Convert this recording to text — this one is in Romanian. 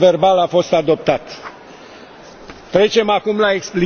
verbal a fost adoptat. trecem acum la explicațiile de vot.